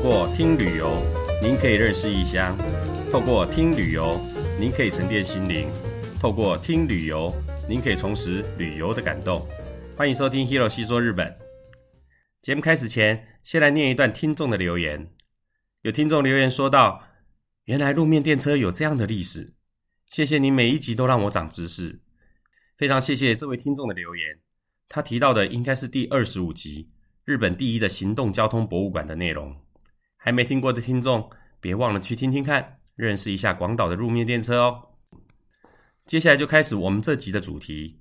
透過聽旅遊，您可以認識異鄉；透過聽旅遊，您可以沉澱心靈；透過聽旅遊，您可以重拾旅遊的感動。歡迎收聽《Hiro 細說日本》。節目開始前，先來念一段聽眾的留言。有聽眾留言說道：“原來路面電車有這樣的歷史。”謝謝你每一集都讓我長知識，非常謝謝這位聽眾的留言。他提到的應該是第二十五集《日本第一的行動交通博物館》的內容。還沒聽過的聽眾，別忘了去聽聽看，認識一下廣島的路面電車哦。接下來就開始我們這集的主題，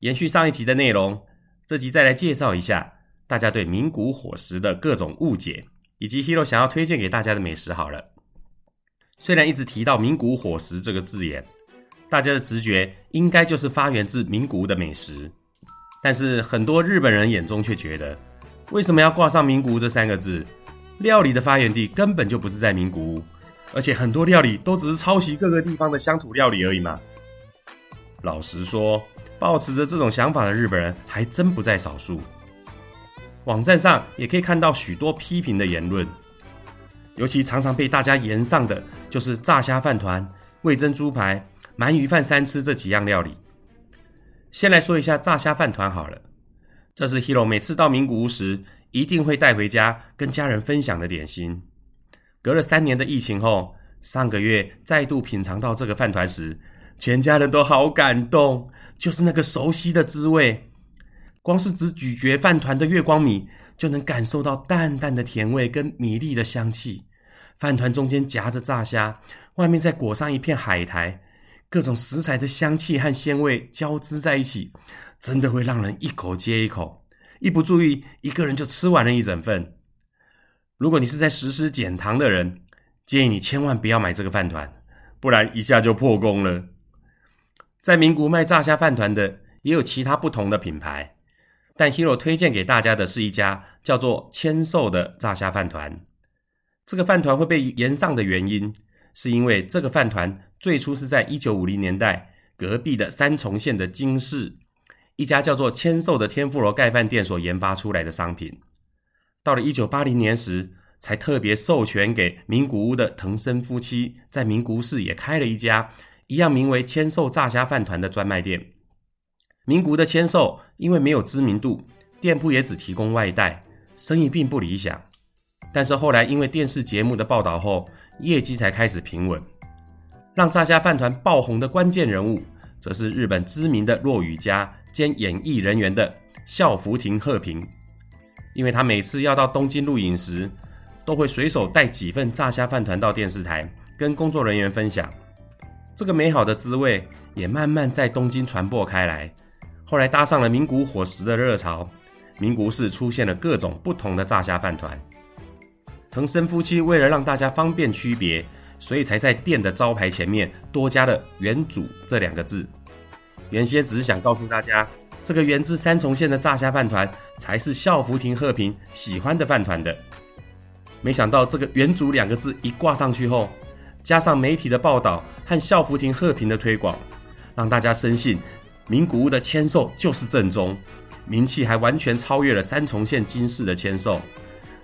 延續上一集的內容，這集再來介紹一下大家對名古屋伙食的各種誤解，以及 Hiro 想要推薦給大家的美食。好了，雖然一直提到名古屋伙食這個字眼，大家的直覺應該就是發源自名古屋的美食，但是很多日本人眼中卻覺得，為什麼要掛上名古屋這三個字？料理的發源地根本就不是在名古屋，而且很多料理都只是抄襲各個地方的鄉土料理而已嘛。老實說，抱持着這種想法的日本人還真不在少數。網站上也可以看到許多批評的言論，尤其常常被大家言上的就是炸蝦飯糰、味噌豬排、鰻魚飯三吃這幾樣料理。先來說一下炸蝦飯糰好了，這是 Hiro 每次到名古屋時，一定會帶回家跟家人分享的點心。隔了三年的疫情後，上個月再度品嘗到這個飯糰時，全家人都好感動，就是那個熟悉的滋味。光是只咀嚼飯糰的月光米，就能感受到淡淡的甜味跟米粒的香氣。飯糰中間夾着炸蝦，外面再裹上一片海苔，各種食材的香氣和鮮味交織在一起，真的會讓人一口接一口。一不注意，一個人就吃完了一整份。如果你是在實施減糖的人，建議你千萬不要買這個飯糰，不然一下就破功了。在名古屋賣炸蝦飯糰的也有其他不同的品牌，但 Hero 推薦給大家的是一家叫做千壽的炸蝦飯糰。這個飯糰會被延上的原因，是因為這個飯糰最初是在一九五零年代隔壁的三重縣的津市。一家叫做千壽的天婦羅蓋飯店所研發出來的商品，到了一九八零年時，才特別授權給名古屋的藤森夫妻，在名古屋市也開了一家一樣名為千壽炸蝦飯糰的專賣店。名古屋的千壽因為沒有知名度，店鋪也只提供外帶，生意並不理想。但是後來因為電視節目的報道後，業績才開始平穩。讓炸蝦飯糰爆紅的關鍵人物，則是日本知名的落語家。兼演藝人員的笑福亭鶴瓶，因為他每次要到東京錄影時，都會隨手帶幾份炸蝦飯糰到電視台，跟工作人員分享。這個美好的滋味也慢慢在東京傳播開來。後來搭上了名古屋伙食的熱潮，名古屋市出現了各種不同的炸蝦飯糰。藤森夫妻為了讓大家方便區別，所以才在店的招牌前面多加了“元祖”這兩個字。原先只是想告訴大家，這個源自三重縣的炸蝦飯糰才是笑福亭鶴瓶喜歡的飯糰的。沒想到這個“元祖”兩個字一掛上去後，加上媒體的報道和笑福亭鶴瓶的推廣，讓大家深信名古屋的千壽就是正宗，名氣還完全超越了三重縣津市的千壽，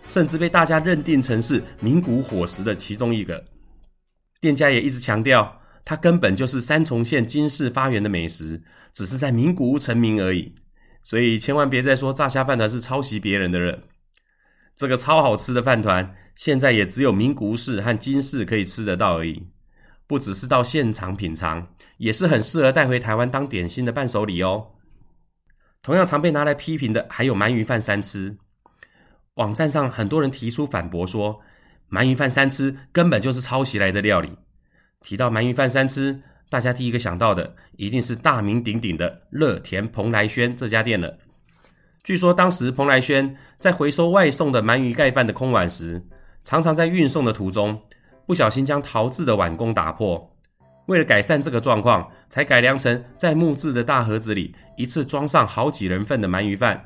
甚至被大家認定成是名古屋伙食的其中一個。店家也一直強調。它根本就是三重縣金市發源的美食，只是在名古屋成名而已。所以千萬別再說炸蝦飯糰是抄襲別人的了。這個超好吃的飯糰，現在也只有名古屋市和金市可以吃得到而已。不只是到現場品嘗，也是很適合帶回台灣當點心的伴手禮哦。同樣常被拿來批評的，還有鰻魚飯三吃。網站上很多人提出反駁說，說鰻魚飯三吃根本就是抄襲來的料理。提到鰻魚飯三吃，大家第一個想到的一定是大名鼎鼎的熱田蓬萊軒這家店了。據說當時蓬萊軒在回收外送的鰻魚蓋飯的空碗時，常常在運送的途中不小心將陶制的碗公打破。為了改善這個狀況，才改良成在木制的大盒子裡一次裝上好幾人份的鰻魚飯。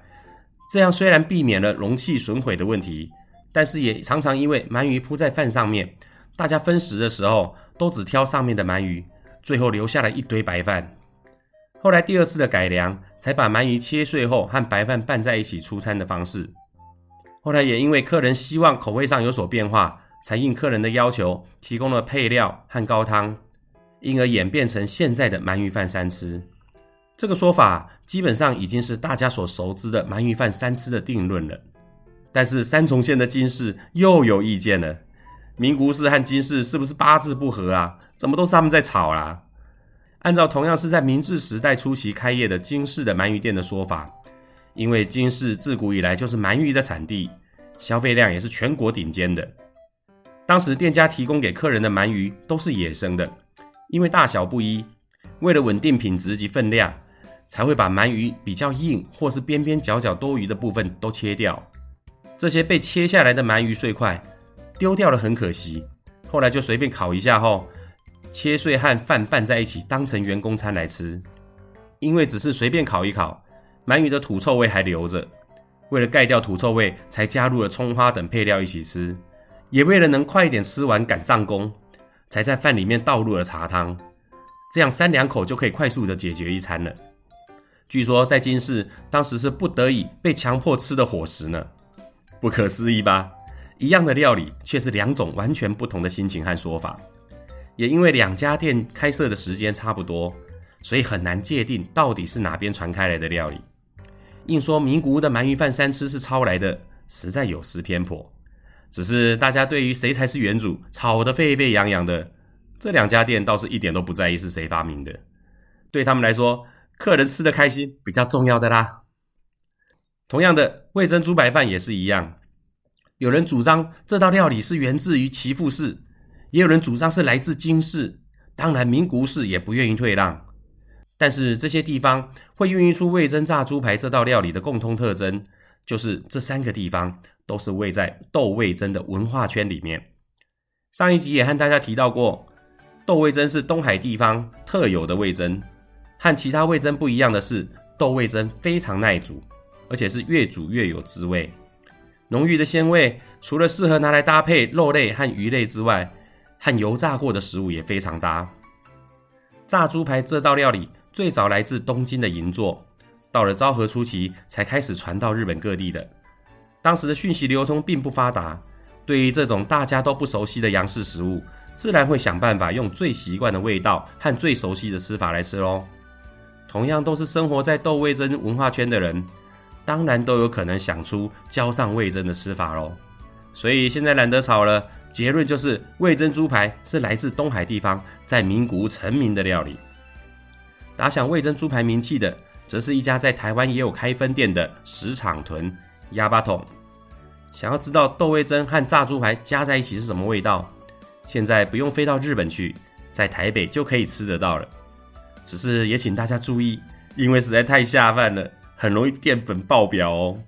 這樣雖然避免了容器損毀的問題，但是也常常因為鰻魚鋪在飯上面，大家分食的時候，都只挑上面的鰻魚，最後留下了一堆白飯。後來第二次的改良，才把鰻魚切碎後和白飯拌在一起出餐的方式。後來也因為客人希望口味上有所變化，才應客人的要求提供了配料和高湯，因而演變成現在的鰻魚飯三吃。這個說法基本上已經是大家所熟知的鰻魚飯三吃的定論了。但是三重縣的津市又有意見了。名古屋市和津市是不是八字不合啊？怎麼都是他們在吵啦、啊？按照同樣是在明治時代初期開業的津市的鰻魚店的說法，因為津市自古以來就是鰻魚的產地，消費量也是全國頂尖的。當時店家提供給客人的鰻魚都是野生的，因為大小不一，為了穩定品質及分量，才會把鰻魚比較硬或是邊邊角角多餘的部分都切掉。這些被切下來的鰻魚碎塊，丟掉了很可惜，後來就隨便烤一下後，切碎和飯拌在一起當成員工餐來吃。因為只是隨便烤一烤，鰻魚的土臭味還留着。為了蓋掉土臭味，才加入了蔥花等配料一起吃。也為了能快一點吃完趕上工，才在飯裡面倒入了茶湯。這樣三兩口就可以快速的解決一餐了。據說在今世當時是不得已被強迫吃的伙食呢，不可思議吧？一樣的料理，卻是兩種完全不同的心情和說法。也因為兩家店開設的時間差不多，所以很難界定到底是哪邊傳開來的料理。硬說名古屋的鰻魚飯三吃是抄來的，實在有失偏頗。只是大家對於誰才是原主吵得沸沸揚揚的，這兩家店倒是一點都不在意是誰發明的。對他們來說，客人吃的開心比較重要的啦。同樣的，味噌豬排飯也是一樣。有人主張這道料理是源自於岐阜市，也有人主張是來自津市。當然，名古市也不願意退讓。但是這些地方會孕育出味噌炸豬排這道料理的共通特徵，就是這三個地方都是位在豆味噌的文化圈裡面。上一集也和大家提到過，豆味噌是東海地方特有的味噌，和其他味噌不一樣的是，豆味噌非常耐煮，而且是越煮越有滋味。濃郁的鮮味，除了適合拿來搭配肉類和魚類之外，和油炸過的食物也非常搭。炸豬排這道料理最早來自東京的銀座，到了昭和初期才開始傳到日本各地的。當時的訊息流通並不發達，對於這種大家都不熟悉的洋式食物，自然會想辦法用最習慣的味道和最熟悉的吃法來吃嘍。同樣都是生活在豆味噌文化圈的人，當然都有可能想出澆上味噌的吃法嘍，所以現在懶得炒了。結論就是，味噌豬排是來自東海地方，在名古屋成名的料理。打響味噌豬排名氣的，則是一家在台灣也有開分店的矢場豚鴨巴桶。想要知道豆味噌和炸豬排加在一起是什麼味道，現在不用飛到日本去，在台北就可以吃得到了。只是也請大家注意，因為實在太下飯了。很容易澱粉爆表哦。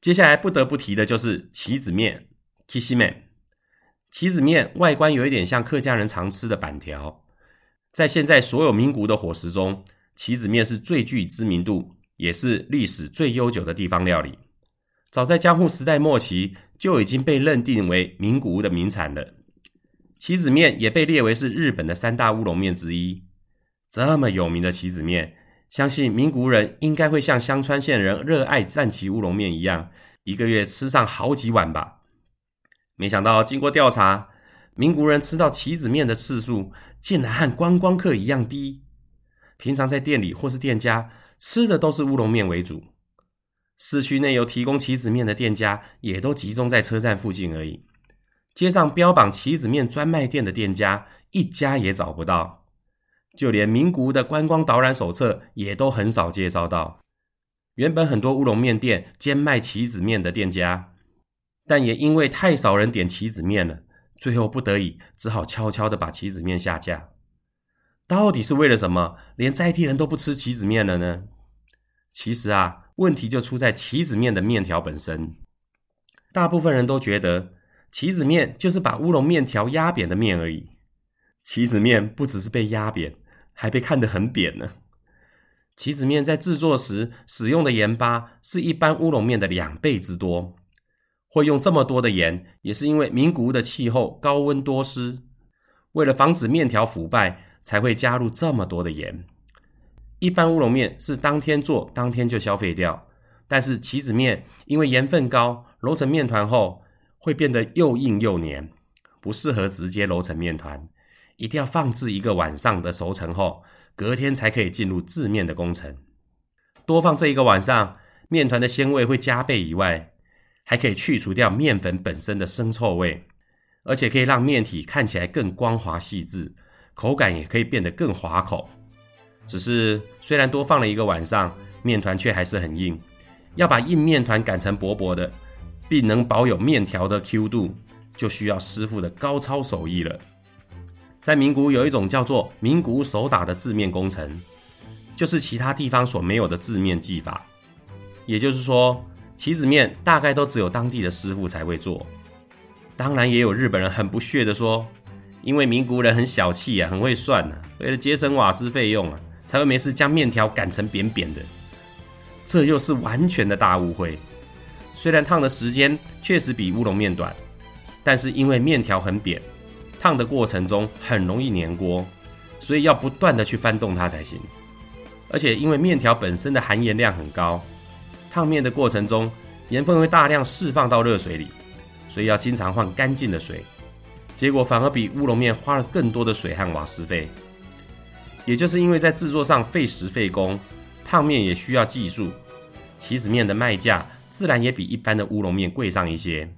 接下來不得不提的就是棋子麵（きしめん）。棋子麵外觀有一點像客家人常吃的板條，在現在所有名古屋的伙食中，棋子麵是最具知名度，也是歷史最悠久的地方料理。早在江戶時代末期就已經被認定為名古屋的名產了。棋子麵也被列為是日本的三大烏龍麵之一。這麼有名的棋子麵，相信名古屋人應該會像香川縣人熱愛讚岐烏龍麵一樣，一個月吃上好幾碗吧。沒想到經過調查，名古屋人吃到棋子麵的次數竟然和觀光客一樣低。平常在店裡或是店家吃的都是烏龍麵為主，市區內有提供棋子麵的店家也都集中在車站附近而已。街上標榜棋子麵專賣店的店家一家也找不到。就連名古屋的觀光導覽手冊也都很少介紹到。原本很多烏龍麵店兼賣棋子麵的店家，但也因為太少人點棋子麵了，最後不得已只好悄悄地把棋子麵下架。到底是為了什麼，連在地人都不吃棋子麵了呢？其實啊，問題就出在棋子麵的麵條本身。大部分人都覺得棋子麵就是把烏龍麵條壓扁的麵而已。棋子麵不只是被壓扁。還被看得很扁呢，啊。棋子麵在製作時使用的鹽巴是一般烏龍麵的兩倍之多。會用這麼多的鹽，也是因為名古屋的氣候高溫多濕，為了防止麵條腐敗，才會加入這麼多的鹽。一般烏龍麵是當天做，當天就消費掉。但是棋子麵因為鹽分高，揉成麵團後會變得又硬又黏，不適合直接揉成麵團。一定要放置一個晚上的熟成後，隔天才可以進入製麵的工程。多放這一個晚上，麵團的鮮味會加倍以外，還可以去除掉麵粉本身的生臭味，而且可以讓麵體看起來更光滑細緻，口感也可以變得更滑口。只是雖然多放了一個晚上，麵團卻還是很硬。要把硬麵團擀成薄薄的，並能保有麵條的 Q 度，就需要師傅的高超手藝了。在名古屋有一種叫做名古屋手打的製麵工程，就是其他地方所沒有的製麵技法。也就是說，棋子麵大概都只有當地的師傅才會做。當然，也有日本人很不屑的說，因為名古屋人很小氣啊，很會算啊，為了節省瓦斯費用啊，才會沒事將麵條擀成扁扁的。這又是完全的大誤會。雖然燙的時間確實比烏龍麵短，但是因為麵條很扁。燙的過程中很容易粘鍋，所以要不斷的去翻動它才行。而且因為面條本身的含鹽量很高，燙麵的過程中鹽分會大量釋放到熱水裡，所以要經常換乾淨的水。結果反而比烏龍麵花了更多的水和瓦斯費。也就是因為在制作上費時費工，燙麵也需要技術，棊子麵的賣價自然也比一般的烏龍麵貴上一些。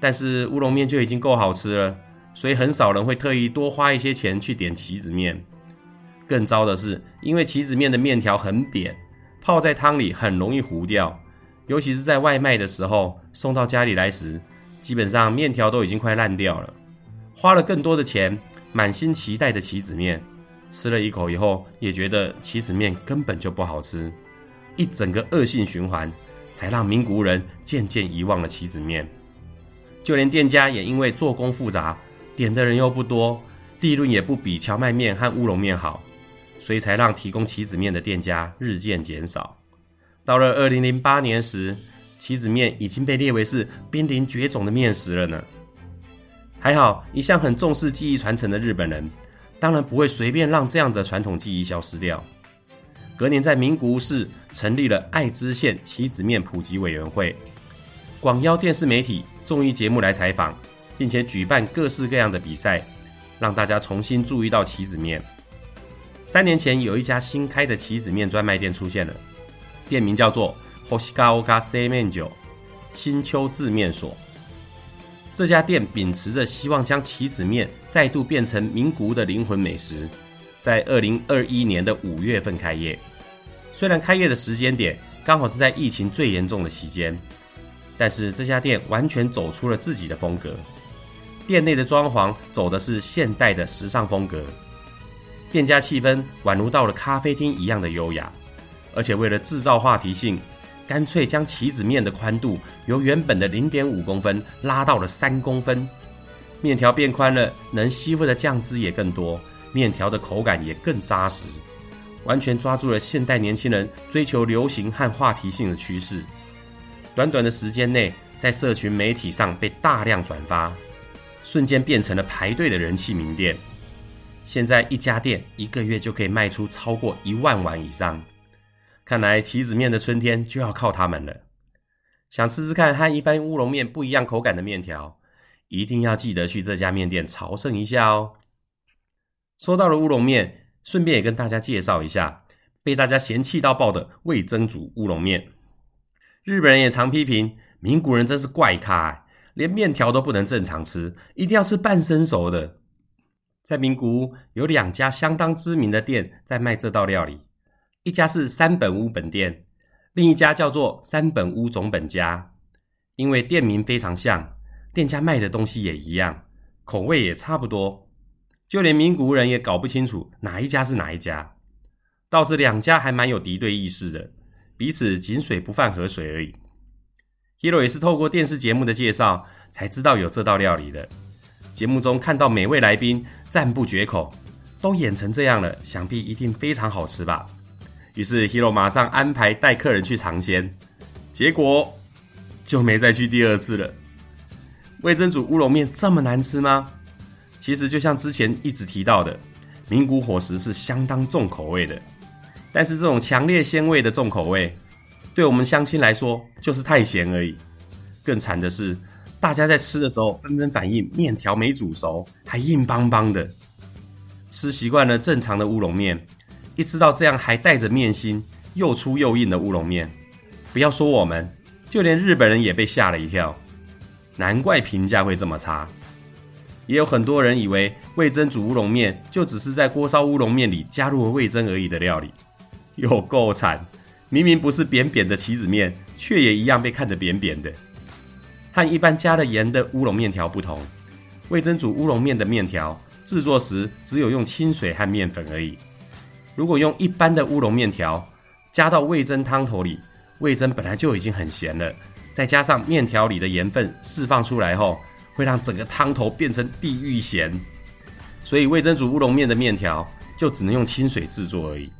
但是烏龍麵就已經夠好吃了。所以很少人會特意多花一些錢去點棋子麵。更糟的是，因為棋子麵的麵條很扁，泡在湯裡很容易糊掉。尤其是在外賣的時候，送到家裡來時，基本上麵條都已經快爛掉了。花了更多的錢，滿心期待的棋子麵，吃了一口以後也覺得棋子麵根本就不好吃。一整個惡性循環，才讓名古屋人漸漸遺忘了棋子麵。就連店家也因為做工複雜，點的人又不多，利潤也不比蕎麥麵和烏龍麵好，所以才讓提供棋子麵的店家日漸減少。到了二零零八年時，棋子麵已經被列為是瀕臨絕種的麵食了呢。還好，一向很重視技藝傳承的日本人，當然不會隨便讓這樣的傳統技藝消失掉。隔年，在名古屋市成立了愛知縣棋子麵普及委員會，廣邀電視媒體、綜藝節目來採訪。並且舉辦各式各樣的比賽，讓大家重新注意到棋子麵。三年前，有一家新開的棋子麵專賣店出現了，店名叫做“ Hoshikawa 西岡屋麵酒新秋製麵所”。這家店秉持着希望將棋子麵再度變成名古屋的靈魂美食，在二零二一年的五月份開業。雖然開業的時間點剛好是在疫情最嚴重的期間，但是這家店完全走出了自己的風格。店內的裝潢走的是現代的時尚風格，店家氣氛宛如到了咖啡廳一樣的優雅，而且為了制造話題性，乾脆將棋子麵的寬度由原本的零點五公分拉到了三公分，麵條變寬了，能吸附的醬汁也更多，麵條的口感也更紮實，完全抓住了現代年輕人追求流行和話題性的趨勢。短短的時間內，在社群媒體上被大量轉發。瞬間變成了排隊的人氣名店，現在一家店一個月就可以賣出超過一萬碗以上，看來棊子麵的春天就要靠他們了。想吃吃看和一般烏龍麵不一樣口感的麵條，一定要記得去這家麵店朝聖一下哦。說到了烏龍麵，順便也跟大家介紹一下被大家嫌棄到爆的味噌煮烏龍麵，日本人也常批評，名古屋人真是怪咖、哎。連麵條都不能正常吃，一定要吃半生熟的。在名古屋有兩家相當知名的店在賣這道料理，一家是山本屋本店，另一家叫做山本屋總本家。因為店名非常像，店家賣的東西也一樣，口味也差不多，就連名古屋人也搞不清楚哪一家是哪一家。倒是兩家還蠻有敵對意識的，彼此井水不犯河水而已。Hero 也是透過電視節目的介紹，才知道有這道料理的。節目中看到每位來賓讚不絕口，都演成這樣了，想必一定非常好吃吧。於是 Hero 馬上安排帶客人去嘗鮮，結果就沒再去第二次了。味噌煮烏龍麵這麼難吃嗎？其實就像之前一直提到的，名古屋伙食是相當重口味的，但是這種強烈鮮味的重口味。對我們鄉親來說，就是太鹹而已。更慘的是，大家在吃的時候紛紛反映麵條沒煮熟，還硬邦邦的。吃習慣了正常的烏龍麵，一吃到這樣還帶着麵心、又粗又硬的烏龍麵，不要說我們，就連日本人也被嚇了一跳。難怪評價會這麼差。也有很多人以為味噌煮烏龍麵，就只是在鍋燒烏龍麵裡加入了味噌而已的料理，有夠慘。明明不是扁扁的棋子麵，卻也一樣被看得扁扁的。和一般加了鹽的烏龍麵條不同，味噌煮烏龍麵的麵條製作時只有用清水和麵粉而已。如果用一般的烏龍麵條加到味噌湯頭裡，味噌本來就已經很鹹了，再加上麵條裡的鹽分釋放出來後，會讓整個湯頭變成地獄鹹。所以味噌煮烏龍麵的麵條就只能用清水製作而已。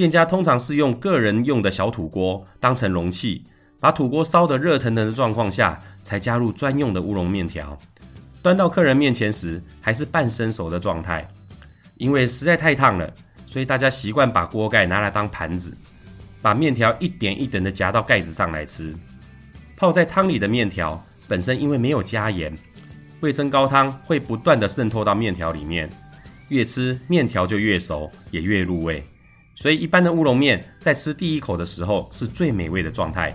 店家通常是用個人用的小土鍋當成容器，把土鍋燒得熱騰騰的狀況下，才加入專用的烏龍麵條。端到客人面前時，還是半生熟的狀態，因為實在太燙了，所以大家習慣把鍋蓋拿來當盤子，把麵條一點一點的夾到蓋子上來吃。泡在湯裡的麵條本身因為沒有加鹽，味噌高湯會不斷的滲透到麵條裡面，越吃麵條就越熟，也越入味。所以，一般的烏龍麵在吃第一口的時候是最美味的狀態，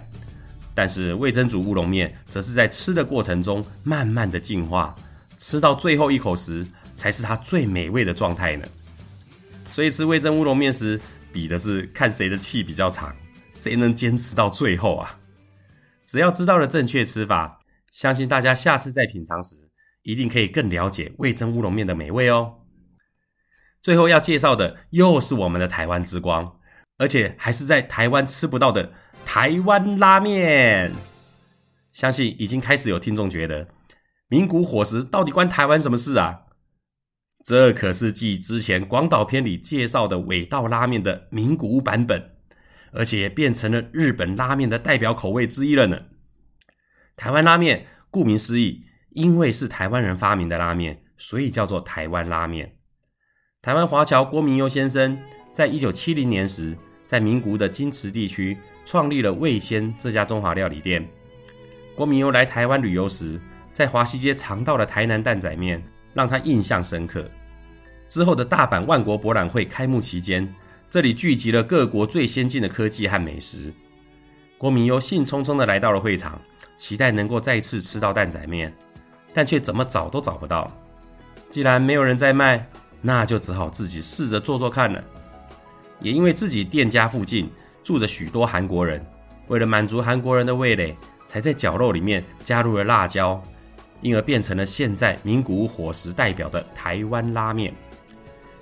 但是味噌煮烏龍麵則是在吃的過程中慢慢的進化，吃到最後一口時才是它最美味的狀態呢。所以吃味噌烏龍麵時，比的是看誰的氣比較長，誰能堅持到最後啊！只要知道了正確吃法，相信大家下次再品嚐時，一定可以更了解味噌烏龍麵的美味哦。最後要介紹的又是我們的台灣之光，而且還是在台灣吃不到的台灣拉麵。相信已經開始有聽眾覺得，名古屋伙食到底關台灣什麼事啊？這可是繼之前廣島篇裡介紹的尾道拉面的名古屋版本，而且變成了日本拉面的代表口味之一了呢。台灣拉麵，顧名思義，因為是台灣人發明的拉麵，所以叫做台灣拉麵。台灣華僑郭明優先生在一九七零年時，在名古屋的金池地區創立了味仙這家中華料理店。郭明優來台灣旅遊時，在華西街嘗到了台南擔仔麵，讓他印象深刻。之後的大阪萬國博覽會開幕期間，這裡聚集了各國最先進的科技和美食。郭明優興沖沖的來到了會場，期待能夠再次吃到擔仔麵，但卻怎麼找都找不到。既然沒有人在賣，那就只好自己試着做做看了。也因為自己店家附近住着許多韓國人，為了滿足韓國人的味蕾，才在絞肉裡面加入了辣椒，因而變成了現在名古屋伙食代表的台灣拉麵。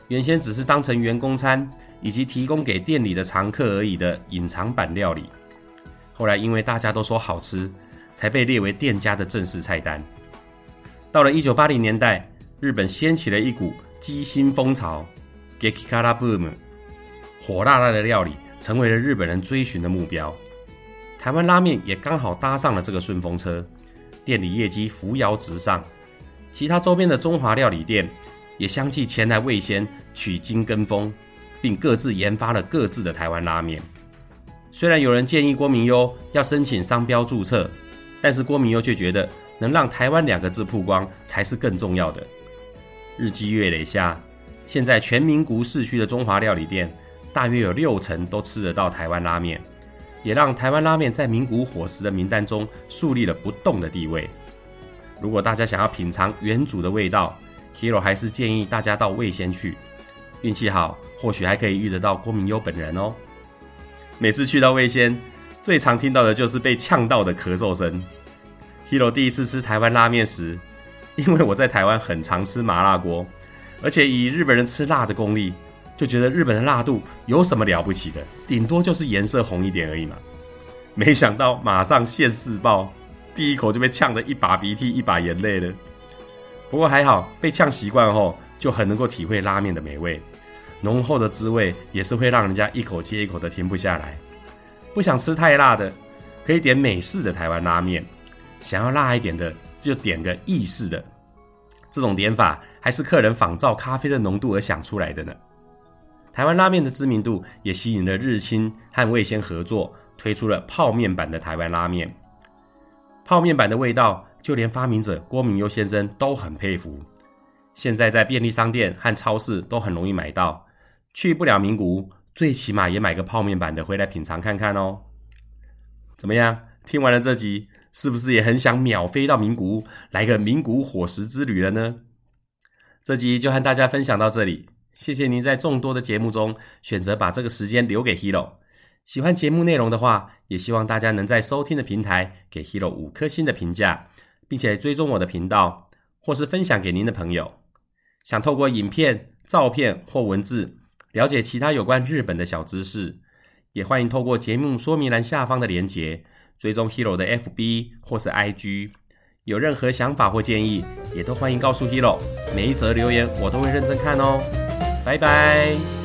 原先只是當成員工餐以及提供給店裡的常客而已的隱藏版料理，後來因為大家都說好吃，才被列為店家的正式菜單。到了1980年代，日本掀起了一股雞心風潮 Gekikara Boom，火辣辣的料理成為了日本人追尋的目標。台灣拉麵也剛好搭上了這個順風車，店裡業績扶搖直上。其他周邊的中華料理店也相繼前來味仙取經跟風，並各自研發了各自的台灣拉麵。雖然有人建議郭明優要申請商標注冊，但是郭明優卻覺得能讓“台灣”兩個字曝光才是更重要的。日積月累下，現在全名古屋市區的中華料理店，大約有六成都吃得到台灣拉麵，也讓台灣拉麵在名古屋伙食的名單中樹立了不動的地位。如果大家想要品嘗原祖的味道，Hero 還是建議大家到味仙去，運氣好或許還可以遇得到郭明優本人哦。每次去到味仙，最常聽到的就是被嗆到的咳嗽聲。Hero 第一次吃台灣拉麵時，因為我在台灣很常吃麻辣鍋，而且以日本人吃辣的功力，就覺得日本的辣度有什麼了不起的，頂多就是顏色紅一點而已嘛。沒想到馬上現世報，第一口就被嗆得一把鼻涕一把眼淚了。不過還好，被嗆習慣後就很能夠體會拉麵的美味，濃厚的滋味也是會讓人家一口接一口的停不下來。不想吃太辣的，可以點美式的台灣拉麵；想要辣一點的。就點個意式的，這種點法還是客人仿照咖啡的濃度而想出來的呢？台灣拉麵的知名度也吸引了日清和味仙合作，推出了泡麵版的台灣拉麵。泡麵版的味道，就連發明者郭明優先生都很佩服。現在在便利商店和超市都很容易買到，去不了名古屋，最起碼也買個泡麵版的回來品嘗看看哦。怎麼樣？聽完了這集，是不是也很想秒飛到名古屋來個名古屋伙食之旅了呢？這集就和大家分享到這裡。謝謝您在眾多的節目中選擇把這個時間留給 Hero。喜歡節目內容的話，也希望大家能在收聽的平台給 Hero 五顆星的評價，並且追蹤我的頻道，或是分享給您的朋友。想透過影片、照片或文字了解其他有關日本的小知識，也歡迎透過節目說明欄下方的鏈接。追蹤 Hero 的 FB 或是 IG，有任何想法或建議，也都歡迎告訴 Hero。每一則留言我都會認真看哦。拜拜。